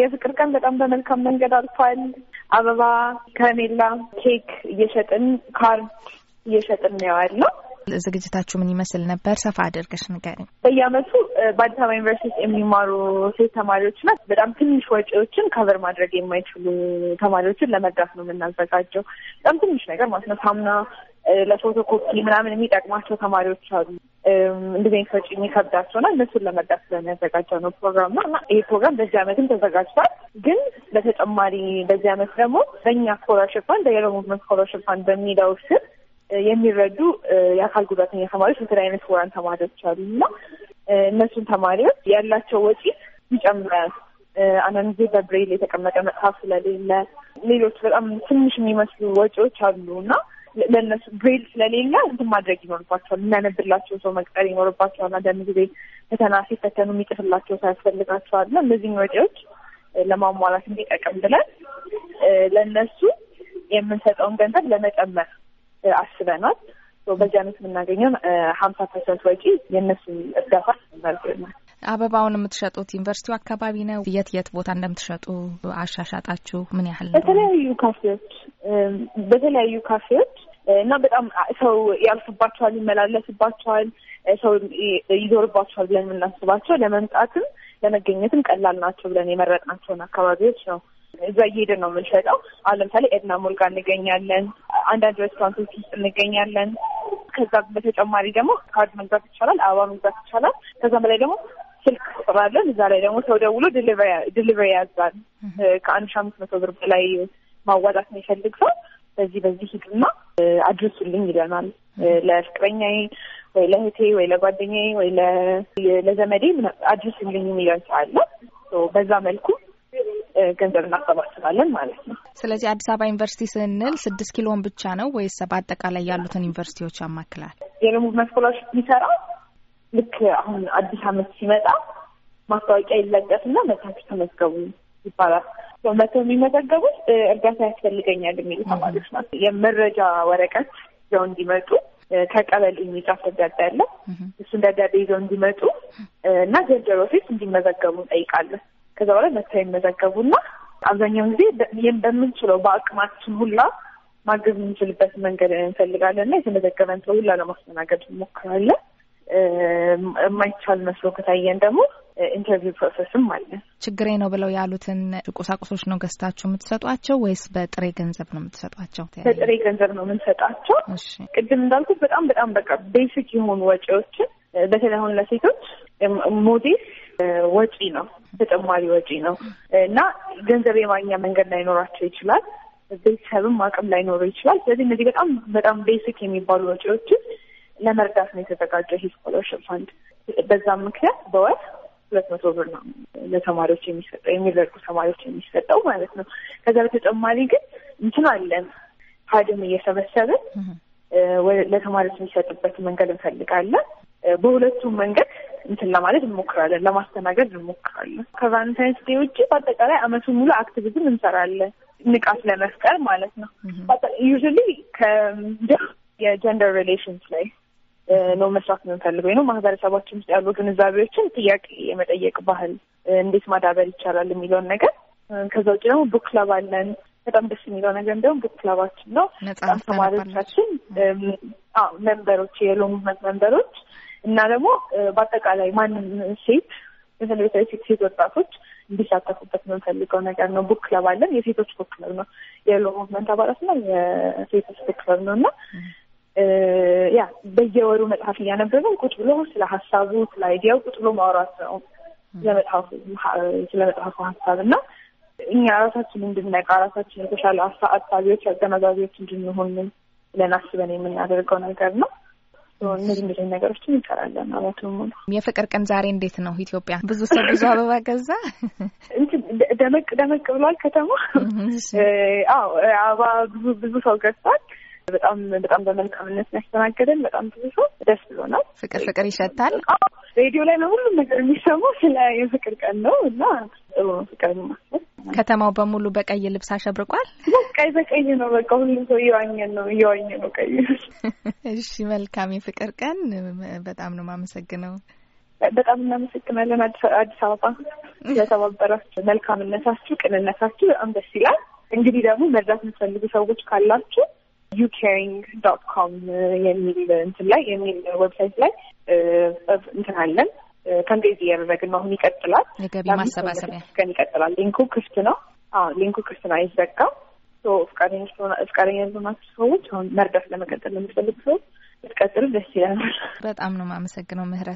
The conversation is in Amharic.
የፍቅር ቀን በጣም በመልካም መንገድ አልፏል። አበባ፣ ከሜላ፣ ኬክ እየሸጥን ካርድ እየሸጥን ነው ያዋል ዝግጅታችሁ ምን ይመስል ነበር? ሰፋ አድርገሽ ንገሪኝ። በየአመቱ በአዲስ አበባ ዩኒቨርሲቲ የሚማሩ ሴት ናት። በጣም ትንሽ ወጪዎችን ከቨር ማድረግ የማይችሉ ተማሪዎችን ለመድራፍ ነው የምናዘጋጀው። በጣም ትንሽ ነገር ማለት ነው። ሳሙና ለፎቶኮፒ ምናምን የሚጠቅማቸው ተማሪዎች አሉ። እንደዚህ አይነት ወጪ የሚከብዳቸው እና እነሱን ለመርዳት ስለሚያዘጋጀው ነው ፕሮግራም ነው እና ይሄ ፕሮግራም በዚህ አመትም ተዘጋጅቷል። ግን በተጨማሪ በዚህ አመት ደግሞ በእኛ ስኮላርሽፕ ፋንድ በየሎ ሙቭመንት ስኮላርሽፕ ፋንድ በሚለው ስም የሚረዱ የአካል ጉዳተኛ ተማሪዎች በተለይ አይነት ወራን ተማሪዎች አሉ እና እነሱን ተማሪዎች ያላቸው ወጪ ይጨምራል። አንዳንድ ጊዜ በብሬል የተቀመጠ መጽሐፍ ስለሌለ ሌሎች በጣም ትንሽ የሚመስሉ ወጪዎች አሉ እና ለእነሱ ብሬል ስለሌለ እንትን ማድረግ ይኖርባቸዋል። የሚያነብላቸው ሰው መቅጠር ይኖርባቸዋል። አንዳንድ ጊዜ ፈተና ሲፈተኑ የሚጥፍላቸው ሰው ያስፈልጋቸዋል። እና እነዚህ ወጪዎች ለማሟላት እንዲጠቀም ብለን ለእነሱ የምንሰጠውን ገንዘብ ለመጨመር አስበናል። በዚህ አይነት የምናገኘው ሀምሳ ፐርሰንት ወጪ የእነሱ እርዳታ እናደርገናል። አበባውን የምትሸጡት ዩኒቨርሲቲው አካባቢ ነው? የት የት ቦታ እንደምትሸጡ አሻሻጣችሁ ምን ያህል? በተለያዩ ካፌዎች በተለያዩ ካፌዎች እና በጣም ሰው ያልፍባቸዋል፣ ይመላለስባቸዋል፣ ሰው ይዞርባቸዋል ብለን የምናስባቸው ለመምጣትም ለመገኘትም ቀላል ናቸው ብለን የመረጥናቸውን አካባቢዎች ነው እዛ እየሄድን ነው የምንሸጠው። አሁን ለምሳሌ ኤድና ሞል ጋር እንገኛለን፣ አንዳንድ ሬስቶራንቶች ውስጥ እንገኛለን። ከዛ በተጨማሪ ደግሞ ካርድ መግዛት ይቻላል፣ አበባ መግዛት ይቻላል። ከዛም በላይ ደግሞ ስልክ ቁጥር አለን። እዛ ላይ ደግሞ ሰው ደውሎ ዲሊቨሪ ያዛል። ከአንድ ሺህ አምስት መቶ ብር በላይ ማዋጣት የሚፈልግ ሰው በዚህ በዚህ ሂዱና አድርሱልኝ ይለናል። ለፍቅረኛዬ ወይ ለእህቴ ወይ ለጓደኛዬ ወይ ለዘመዴ አድርሱልኝ የሚለን ሰው አለ። በዛ መልኩ ገንዘብ እናሰባስባለን ማለት ነው። ስለዚህ አዲስ አበባ ዩኒቨርሲቲ ስንል ስድስት ኪሎን ብቻ ነው ወይስ በአጠቃላይ ያሉትን ዩኒቨርሲቲዎች ያማክላል? የሙቭመንት ስኮላርሽፕ የሚሰራ ልክ አሁን አዲስ አመት ሲመጣ ማስታወቂያ ይለቀስና መታችሁ ተመዝገቡ ይባላል። በመተው የሚመዘገቡት እርዳታ ያስፈልገኛል የሚሉ ተማሪዎች ናቸው። የመረጃ ወረቀት ይዘው እንዲመጡ ከቀበሌ የሚጻፍ ደብዳቤ አለ። እሱን ደብዳቤ ይዘው እንዲመጡ እና ጀርጀሮ ሴት እንዲመዘገቡ እንጠይቃለን። ከዛ በኋላ መተው ይመዘገቡና አብዛኛውን ጊዜ በምንችለው በአቅማችን ሁላ ማገዝ የምንችልበት መንገድ እንፈልጋለን እና የተመዘገበን ሰው ሁላ ለማስተናገድ እንሞክራለን። የማይቻል መስሎ ከታየን ደግሞ ኢንተርቪው ፕሮሰስም አለ። ችግሬ ነው ብለው ያሉትን ቁሳቁሶች ነው ገዝታችሁ የምትሰጧቸው ወይስ በጥሬ ገንዘብ ነው የምትሰጧቸው? በጥሬ ገንዘብ ነው የምንሰጣቸው። ቅድም እንዳልኩት በጣም በጣም በቃ ቤሲክ የሆኑ ወጪዎችን በተለይ አሁን ለሴቶች ሞዴስ ወጪ ነው፣ ተጨማሪ ወጪ ነው እና ገንዘብ የማግኛ መንገድ ላይኖራቸው ይችላል። ቤተሰብም አቅም ላይኖረው ይችላል። ስለዚህ እነዚህ በጣም በጣም ቤሲክ የሚባሉ ወጪዎችን ለመርዳት ነው የተዘጋጀው ይሄ ፋንድ። በዛም ምክንያት በወር ሁለት መቶ ብር ነው ለተማሪዎች የሚሰጠው የሚለቁ ተማሪዎች የሚሰጠው ማለት ነው። ከዛ በተጨማሪ ግን እንትን አለን ሀድም እየሰበሰብን ለተማሪዎች የሚሰጥበት መንገድ እንፈልጋለን። በሁለቱም መንገድ እንትን ለማለት እንሞክራለን፣ ለማስተናገድ እንሞክራለን። ከቫለንታይንስ ዴ ውጭ በአጠቃላይ አመቱን ሙሉ አክቲቪዝም እንሰራለን፣ ንቃት ለመፍጠር ማለት ነው። ዩ ከጀንደር ሪሌሽንስ ላይ ነው መስራት የምንፈልገው ነው። ማህበረሰባችን ውስጥ ያሉ ግንዛቤዎችን፣ ጥያቄ የመጠየቅ ባህል እንዴት ማዳበር ይቻላል የሚለውን ነገር ከዛ ውጭ ደግሞ ቡክ ክለብ አለን። በጣም ደስ የሚለው ነገር እንዲሁም ቡክ ክለባችን ነው። በጣም ተማሪዎቻችን መንበሮች የሎ ሙቭመንት መንበሮች እና ደግሞ በአጠቃላይ ማንም ሴት በተለይ በተለይ ሴት ወጣቶች እንዲሳተፉበት የምንፈልገው ነገር ነው። ቡክ ክለብ አለን። የሴቶች ቡክ ክለብ ነው። የሎ ሙቭመንት አባላት ነው። የሴቶች ቡክ ክለብ ነው እና ያ በየወሩ መጽሐፍ እያነበብን ቁጭ ብሎ ስለ ሀሳቡ ስለ አይዲያው ቁጭ ብሎ ማውራት ነው ስለ መጽሐፉ ሀሳብ እና እኛ ራሳችን እንድንነቃ ራሳችን የተሻለ አሳቢዎች፣ አገናዛቢዎች እንድንሆን ብለን አስበን የምናደርገው ነገር ነው። እነዚህ እንደዚህ ነገሮችን እንቀራለን አመቱን ሙሉ። የፍቅር ቀን ዛሬ እንዴት ነው ኢትዮጵያ? ብዙ ሰው ብዙ አበባ ገዛ። ደመቅ ደመቅ ብሏል ከተማ። አዎ አበባ ብዙ ብዙ ሰው ገዝቷል። በጣም በጣም በመልካምነት ያስተናገደን። በጣም ብዙ ሰው ደስ ብሎ ነው። ፍቅር ፍቅር ይሸታል። ሬዲዮ ላይ ነው ሁሉም ነገር የሚሰማው። ስለ የፍቅር ቀን ነው እና ጥሩ ነው ፍቅር ማስበት ከተማው በሙሉ በቀይ ልብስ አሸብርቋል። ቀይ በቀይ ነው። በቃ ሁሉም ሰው እየዋኘን ነው እየዋኘ ነው ቀይ። እሺ መልካም የፍቅር ቀን። በጣም ነው የማመሰግነው። በጣም እናመሰግናለን አዲስ አበባ ስለተባበራችሁ፣ መልካምነታችሁ፣ ቅንነታችሁ በጣም ደስ ይላል። እንግዲህ ደግሞ መርዳት የምትፈልጉ ሰዎች ካላችሁ ዩኬሪንግ የሚል እንትን ላይ የሚል ዌብሳይት ላይ እንትን አለን። ከንዴዚ እያደረግን ነው። አሁን ይቀጥላል። የገቢ ማሰባሰቢያ ቀን ይቀጥላል። ሊንኩ ክፍት ነው። ሊንኩ ክፍት ነው፣ አይዘጋም። ፍቃደኛ ሆናችሁ ሰዎች አሁን መርዳት ለመቀጠል ለሚፈልጉ ሰዎች ብትቀጥሉ ደስ ይላል። በጣም ነው የማመሰግነው ምህረት።